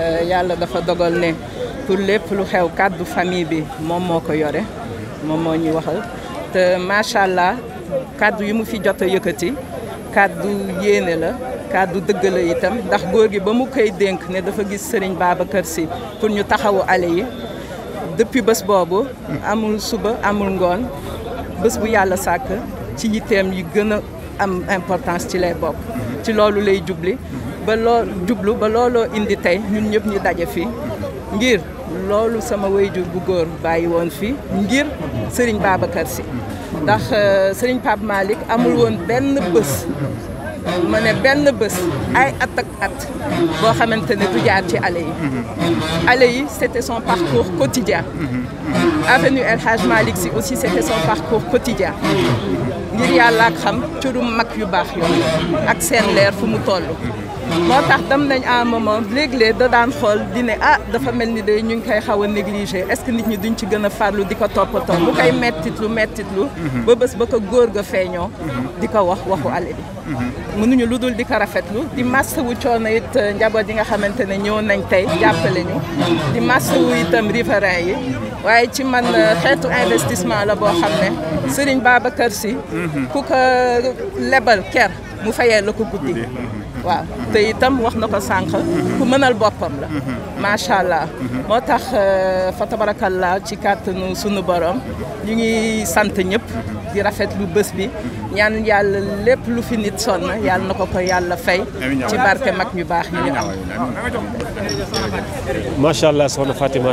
Euh, yàlla dafa dogal ne pour lépp lu xew kàddu famille bi moom moo ko yore moom moo ñuy waxal te macha allah kàddu yi mu fi jot a yëkkati kàddu yéene la kàddu dëgg la itam ndax góor gi ba mu koy dénk ne dafa gis Serigne kër si pour ñu taxawu ale yi depuis bés boobu amul suba amul ngoon bés bu yàlla sàkk ci yitteem yi gën a am importance ci lay bokk ci loolu lay jubli ba loo jublu ba lolo indi tay ñun ñëp ñu daje fi ngir lolu sama wayjur bu goor bàyyi woon ngir Serigne Babacar si ndax euh, Serigne pap malik amul won benn bés mané ne benn bés ay at ak at boo xamante du jaar ci allé yi allé yi c'était son parcours quotidien avenue El Hadj malik si aussi c'était son parcours quotidien ngir yalla ak xam ci du mak yu bax yoon ak seen leer fu mu tollu moo tax dem nañ à un moment da daan xool di ne ah dafa mel ni de ñu ngi koy xaw a négligé est-ce que nit ñi duñ ci gën a farlu di ko toppatoo lu koy mettitlu mettitlu mhm. ba bés ba ko góor ga feeñoo mhm. di ko wax waxu ale bi mhm. mënuñu lu dul di ko rafetlu di massawu coono it euh, njaboot yi nga xamante ne ñëw nañ tey jàppale ñu di massawu itam riverain yi waaye ci man euh, xeetu investissement la boo xam ne Serigne kër si ku ko lebal ker mu fayee la ko guddi waaw te itam wax na ko sànq ku mënal boppam la macha allah moo tax fa tabarakallah ci kàttanu sunu borom ñu ngi sant ñëpp di rafet lu bés bi ñaan yàlla lépp lu fi nit sonn yàlla na ko ko yàlla fay ci barke mag ñu baax yi ñu am macha allah soxna Fatima